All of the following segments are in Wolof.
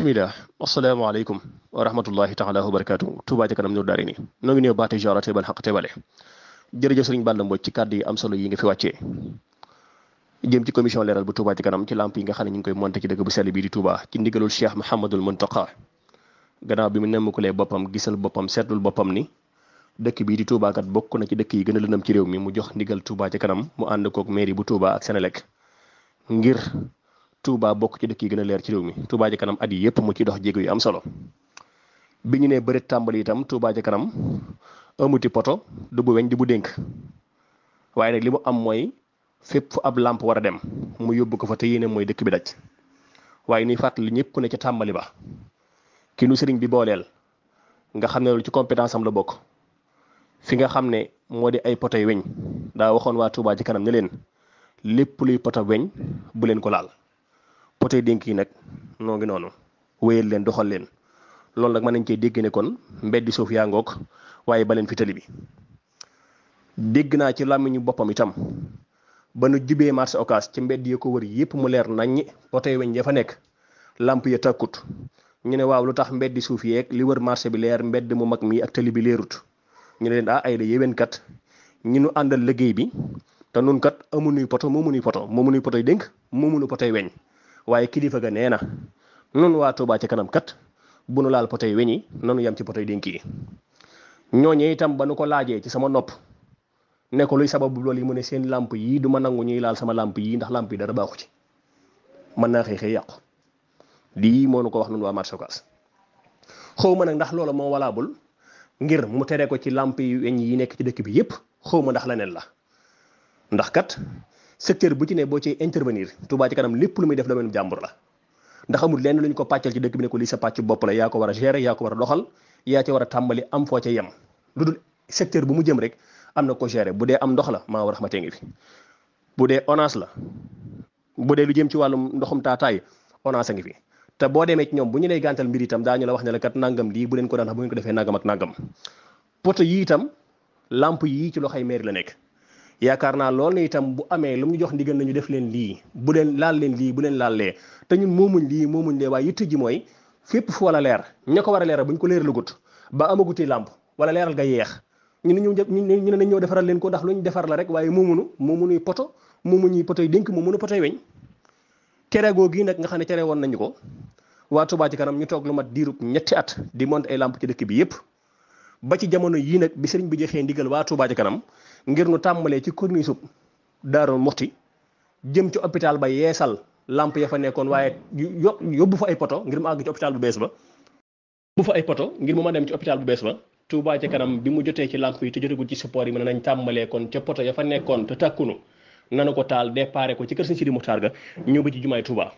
bismillah asalaamaaleykum wa rahmatullahi taala wa barakatu Touba ca kanam nur daari ni noo ngi néew baate jora teebal xaq teebale jërëjëf sëriñ Balla Mbodj ci kàddu yi am solo yi nga fi wàccee jëm ci commission leeral bu Touba ci kanam ci lamp yi nga xam ne ñu ngi koy monté ci dëkk bu sell bii di Touba ci ndigalul Cheikh Mouhamadul Muntaqa gannaaw bi mu nemmukulee boppam gisal boppam seetlul boppam ni dëkk bii di Touba bokk na ci dëkk yi gën a lëndëm ci réew mi mu jox ndigal Touba ci kanam mu ànd kook mairie bu Touba ak Senelec ngir Touba bokk ci dëkk yi gën a leer ci réew mi Touba ci kanam at yi yëpp mu ci dox jéego yu am solo bi ñu nee bëri tàmbali itam Touba ci kanam amuti poto du bu weñ di bu dénk waaye nag li mu am mooy fépp ab làmp war a dem mu yóbbu ko fa te mooy dëkk bi daj waaye ni fàttali ñëpp ne ca tàmbali ba ki nu sëriñ bi booleel nga xam ne loolu ci compétence am la bokk fi nga xam ne moo di ay poto yu weñ daa waxoon waa Touba ji kanam ne leen lépp luy poto weñ bu leen ko laal. poté dénk yi nag noo ngi noonu wéyal leen doxal leen loolu nag mën nañ cee dégg ne kon mbeddi suuf yaa ngoog waaye ba leen fi tali bi dégg naa ci làmmiñu boppam itam ba nu jubee marché occas ci mbedd ya ko wër yépp mu leer nañ poté weñ ya fa nekk lamp ya takkut ñu ne waaw lu tax mbeddi suuf yeeg li wër marché bi leer mbedd mu mag mii ak tali bi leerut ñu ne leen ah ay de kat ñi ñu àndal liggéey bi te nun kat amunuy poto moomunuy poto moomunuy poto dénk moomunu potoy weñ waaye kilifa ga nee na nun waa Touba ci kanam kat bu nu laal potoy weñ yi nanu yem ci potoy dénk yi ñooñu itam ba nu ko laajee ci sama nopp ne luy sababu loolu yi mu ne seen làmp yii du ma nangu ñuy laal sama làmp yi ndax làmp yi dara baaxu ci mën naa xëy xëy yàqu di moo nu ko wax nun waa marché Ocass xaw ma nag ndax loola moo walaabul ngir mu tere ko ci làmp yi weñ yi nekk ci dëkk bi yépp xaw ma ndax leneen la ndax kat secteur bu ci ne boo ci intervenir Touba ci kanam lépp lu muy def domaine jàmbur la ndax amul lenn lu ñu ko pàccal ci dëkk bi ne ko lii sa pàcc bopp la yaa ko war a gérer yaa ko war a doxal yaa ci war a tàmbali am foo ca yem lu dul secteur bu mu jëm rek am na ko gérer bu dee am ndox la maa war xamante ngi fi bu dee ONAS la bu dee lu jëm ci wàllum ndoxum tataay ONAS a ngi fi te boo demee ci ñoom bu ñu lay gàntal mbir itam daañu la wax ne la kat nangam lii bu leen ko daan ko defee nangam ak nangam poto yi itam lamp yii ci loxoy maire la nekk yaakaar naa loolu ne itam bu amee lu mu jox ndigal nañu def leen lii bu leen laal leen lii bu leen laal lee te ñun moomuñ lii moomuñ lee waaye yitte ji mooy fépp fu wala leer ña ko war a leeral bu ñu ko ba amaguti làmp wala leeral ga yeex ñu ne ñu ñu ne nañ ñoo defaral leen ko ndax lu ñu defar la rek waaye moomunu moomunuy poto moomuñuy potoy dénk moomunu potoy weñ cere googu yi nag nga xam ne cere woon nañu ko waa Touba ci kanam ñu toog lu ma diirub ñetti at di monte ay làmp ci dëkk bi yëpp ba ci jamono yii nag bi sëriñ bi jeexee ndigal waa Touba ci kanam ngir nu tàmbalee ci corniche sub Daaru Muxti jëm ci hôpital ba yeesal lamp ya fa nekkoon waaye yóbbu fa ay poto ngir mu àgg ci hôpital bu bees ba bu fa ay poto mu ma dem ci hôpital bu bees ba Touba ci kanam bi mu jotee ci lamp yi te jotagul ci support yi ma mën nañ tàmbalee kon ca poto ya fa nekkoon te tàkkunu nanu ko taal déparé ko ci kër sëñ Sidi Muxtaar ga ñëw ba ci jumaay Touba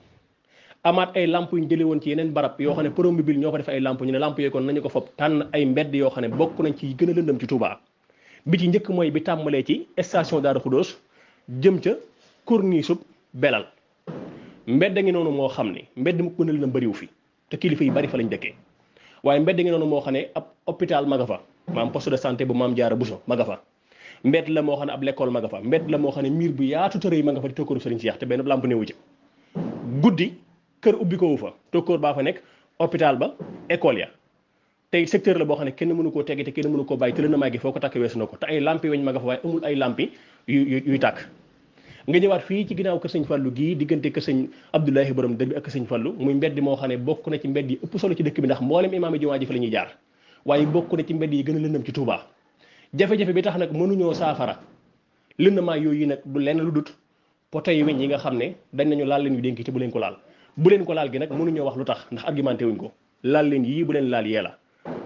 amaat ay lamp yu jëlee woon ci yeneen barab yoo xam ne hmm. promobile ñoo ko def ay lamp ñu ne lamp yooyu kon nañu ko fopp tànn ay mbedd yoo xam ne bokk nañ ci gën a lëndëm ci Touba bi ci njëkk mooy bi tàmbalee ci station Daaru Xudóos jëm ca corniche sub belal mbedd ngi noonu moo xam ne mbedd mu gën a lëndëm bëriwu fi te kilifa yi bari fa lañ dëkkee waaye mbedd ngi noonu moo xam ne ab hôpital maga nga fa maam poste de santé bu maam jaara Bousso ma nga fa mbedd la moo xam ne ab l'école ma nga la moo xam ne miir bu yaatu tërëy ma nga fa di guddi kër ubbi ko fa doktoor baa fa nekk hôpital ba école ya tey secteur la boo xam ne kenn mënu koo teggi te kenn mënu koo bàyyi tële na màggi foo ko takk weesu na ko te ay lampi weñ ma nga fa waaye amul ay lampi yu yuy tàkk nga ñëwaat fii ci ginnaaw kër sëñ Fallou gii diggante kër sëñ Abdoulahi borom dër bi ak kër sëñ Fallou muy mbedd moo xam ne bokk na ci mbedd yi ëpp solo ci dëkk bi ndax mboolem imaam yi fa la ñuy jaar waaye bokk na ci mbedd yi gën a lëndëm ci Touba jafe-jafe bi tax nag mënuñoo saafara lëndëmaa yooyu nag du lenn lu dut poteau yi weñ yi nga xam ne dañ nañu laal leen yu dénki te bu leen ko laal bu len ko laal gi munu ñu wax lutax ndax argumenté wuñ ko laal len yi bu len laal yela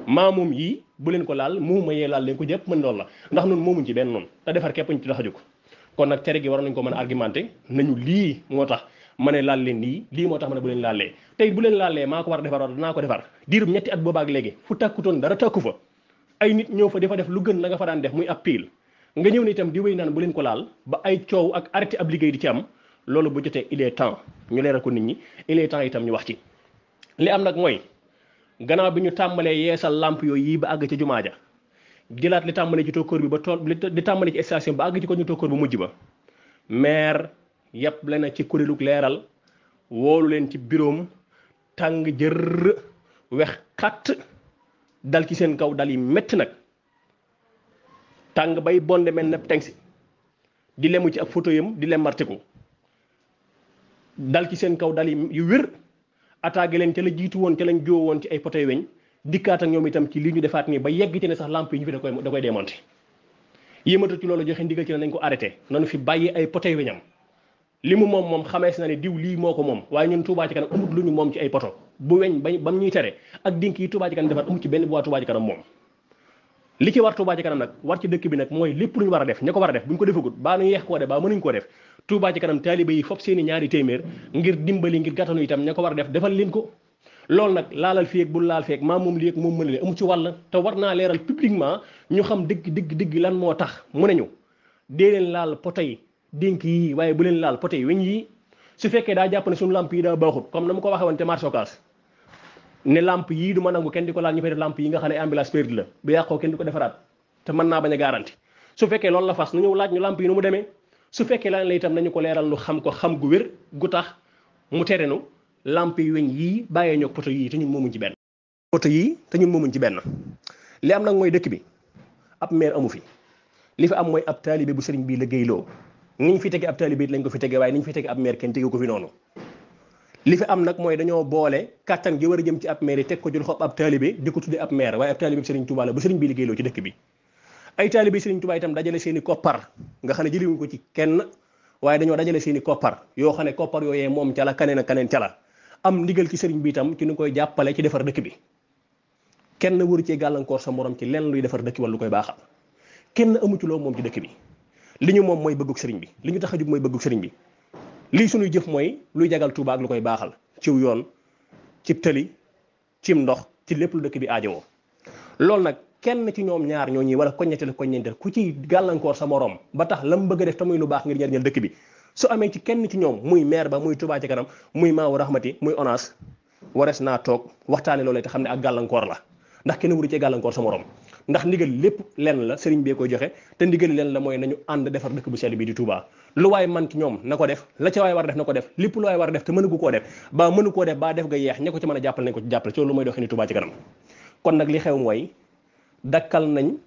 mamum yi bu len ko laal ma ye laal len ko jep man lool la ndax nun moomuñ ci ben noonu ta defar kep ñu ci taxaju ko kon nak téré gi war nañ ko mëna argumenté nañu li motax mané ma laal bu len tay bu len mako war defar na ko defar dir ñetti at boobaak légui fu tàkkutoon dara tàkku fa ay nit ñoo fa defa def lu gën la nga fa daan def muy ab nga ñew ni tam di wéy naan bu len ko laal ba ay ciow ak arrêté ab liggéey di ci am loolu bu jotee il temps ñu leeral ko nit ñi il est temps itam ñu wax ci li am nag mooy gannaaw bi ñu tàmbalee yeesal làmp yooyu yii ba àgg ci jumaa ja jëlaat li tàmbalee ci tokkoor bi ba tool li tàmbalee ci station ba àgg ci ko ñu tokkoor bu mujj ba maire yàpp leen ci kuréelug leeral woolu leen ci biroom tàng jër wex xatt dal ci seen kaw dal yi métti nag tàng bay bonde mel ne tengsi di lemu ci ak photo yam di lem martiku dal ci seen kaw dal yu wér attaqué leen ca la jiitu woon ca lañ joo woon ci ay potoy weñ dikkaat ak ñoom itam ci lii ñu defaat nii ba yegg ci ne sax lamp yi ñu fi da koy da koy démonté yématu ci loolu joxe ndigal ci ko arrêté nanu fi bàyyi ay potoy li mu moom moom xamees na ne diw lii moo ko moom waaye ñun Touba ci kanam amut lu ñu moom ci ay poto bu weñ ba bam ñuy tere ak dink yi Touba ci kanam defar amut ci benn bu waa Touba ci kanam moom li ci war Touba ci kanam nag war ci dëkk bi nag mooy lépp lu ñu war a def ña ko war def baa ñu yeex koo def baa mënuñ def touba ci kanam talibé yi fop seeni ñaari témèr ngir dimbali ngir gatanu itam ñako war def defal leen ko lool nak laalal fi ak bu laal ak ma mom li ak mom mën leen amu ci wàll ta warna naa publiquement ñu xam deug deug deug lan mo tax mu nañu dee leen laal potay denk yi waye bu leen laal potay yi yi su fekkee da japp ne suñu lamp yi da baxut comme nam ko waxee won té marché occas lamp yi du manangu kenn di laal ñu fay def lamp yi nga xane ambulance perdu la bu kenn diko te man na baña garantie garanti su fekkee lool la fas ñu laaj ñu lamp yi nu mu démé su fekkee lan la itam nañu ko leeral nu xam ko xam gu wér gu tax mu terenu lamp yi weñ yii bàyyee ñoo poto yii te ñun moomuñ ci benn poto yii te ñun moomuñ ci benn li am nag mooy dëkk bi ab maire amu fi li fi am mooy ab taalibe bu sëriñ bii liggéeyloo niñ fi tege ab taalibe lañ ko fi tege waaye niñ fi tege ab maire kenn tege ko fi noonu li fi am nag mooy dañoo boole kàttan gi a jëm ci ab maire yi teg ko jël xob ab taalibe di ko tuddee ab maire waaye ab taalibe bu sëriñ Tuubaa ci dëkk bi ay taalibe Serigne Touba itam dajale seeni koppar nga xam ne jëliwuñ ko ci kenn waaye dañoo dajale seeni koppar yoo xam ne koppar yooyee moom ca la kaneen ak kaneen la am ndigal ci Serigne bi itam ci nu koy jàppale ci defar dëkk bi kenn waru cee galang sa morom ci lenn luy defar dëkk wala lu koy baaxal kenn amu ci loo moom ci dëkk bi li mom moy mooy bëggug bi li ñu tax a jub bi li sunu jëf moy luy jagal Touba ak lu koy baaxal yoon cib tali cim ndox ci lépp lu dëkk bi aajowoo loolu nak kenn ci ñoom ñaar ñoo ñi wala koññetteel koññeenteel ku ci gàllankoor sa morom ba bëgg a def te lu baax ngir njëriñal dëkk bi su amee ci kenn ci ñoom muy maire ba muy Touba ci kanam muy maawu raxmati muy ONAS warees naa toog waxtaane loolee te xam ne ak gàllankoor la ndax kenn wuru cee gàllankoor sa morom ndax ndigal lépp lenn la sëriñ bee koy joxe te ndigal lenn la mooy nañu ànd defar dëkk bu sell bi di Touba waay man ci ñoom ko def la waay war a def na lépp lu waay war a def te mënu ko koo def ba mënu koo def ba def nga yeex ña ko ci mën a jàppale nañ ko ci jàppale ci loolu mooy doxee ni Touba ci kanam kon nag li xew mooy dakkal nañ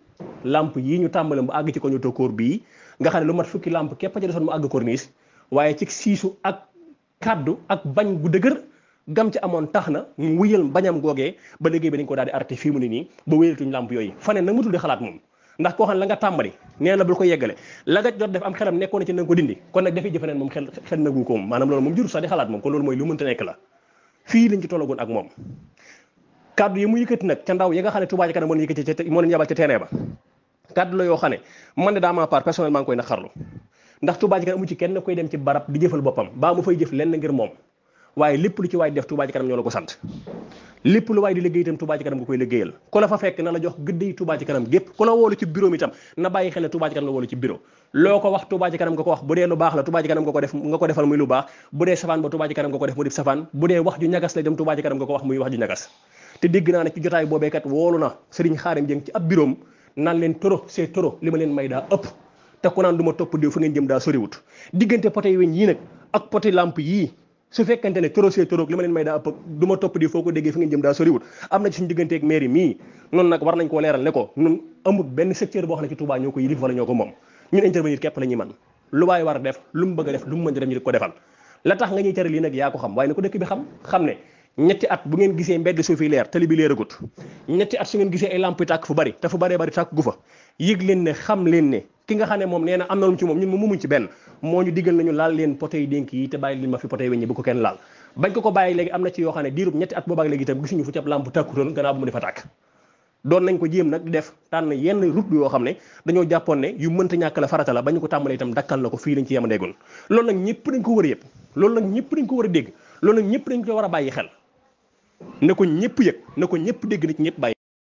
lamp yi ñu tàmbale mu àgg ci ko ñu koor bii nga xam ne lu mat fukki lamp képp a ca desoon mu àgg corniche waaye ci siisu ak kàddu ak bañ gu dëgër gam ci amoon tax na mu wuyal bañam googee ba liggéey bi dañ ko daal di arrêté fii mu ne nii ba wéyatuñ lamp yooyu faneen nag mu tudd xalaat moom ndax koo xam ne la nga tàmbali nee na bul ko yeggale la nga jot def am xelam nekkoon na ci na nga ko dindi kon nag dafiy jëfaneen moom xel xel nagu ak moom kaddu yi mu yëkkati nag ca ndaw ne Touba Ca Kanam moo leen yëkkati ca moo leen yabal ca teenee de daa ma part personnellement koy baa mu fay jëf lenn ngir moom waaye lépp lu ci waay def Touba Ca Kanam ñoo la ko sant lépp lu waay di liggéey itam Touba Ca Kanam nga koy liggéeyal ku la fa fekk na la jox gëddey Touba Ca Kanam gépp ku la woolu ci bureau mi itam na bàyyi xel ne Touba Ca Kanam la woolu ci bureau loo ko wax Touba Ca Kanam nga ko wax bu dee lu baax la Touba Ca Kanam nga ko def muy lu baax bu dee safaan ba Touba Ca Kanam nga ko def mu def safaan bu dee wax ju ñagas la dem Touba Ca Kanam nga ko wax muy wax ju ñagas te dégg naa ne ci jotaay boobee kat woolu na Serigne Xaarim Jeng ci ab biroom naan leen toro c'est toro li ma leen may daa ëpp te ku naan du ma topp diw fu ngeen jëm daa soriwut diggante poté weñ yii nag ak poté lamp yii su fekkente ne toro c'est toro li ma topp diw foo ko déggee fu ngeen jëm daa soriwut am na ci suñu digganteeg mairie mii noonu nag war nañ koo leeral ne ko nun amul benn secteur boo xam ne ci Touba ñoo ko yilif wala ñoo ko moom ñun intervenir képp la ñuy man lu waay war a def lu mu bëgg a def lu mu mën a def ñu ko defal la tax nga ñuy tere lii nag yaa ko xam waaye ko dëkk bi xam xam ñetti at bu ngeen gisee mbedd suuf yi leer tali bi leeragut ñetti at su ngeen gisee ay lamp tàkk fu bari te fu baree bari tàkk fa yëg leen ne xam leen ne ki nga xam ne moom nee na am na lu ci moom ñun mu mumuñ ci benn moo ñu diggal nañu laal leen potey dénk yi te bàyyi leen ma fi potey weñ ñi ko kenn laal bañ ko ko bàyyi léegi am na ci yoo xam ne diirub ñetti at boobaak léegi itam gisuñu fu ci ab tàkkutoon gannaaw bu mu defa tàkk doon nañ ko jéem yoo xam ne dañoo jàppoon ne yu mënta ñàkk la ko tàmbalee itam dakkal na ko fii lañ ci a yëpp loolu nag ñëpp dañ ko war na ko ñëpp yëg na ko ñëpp dégg na ci ñëpp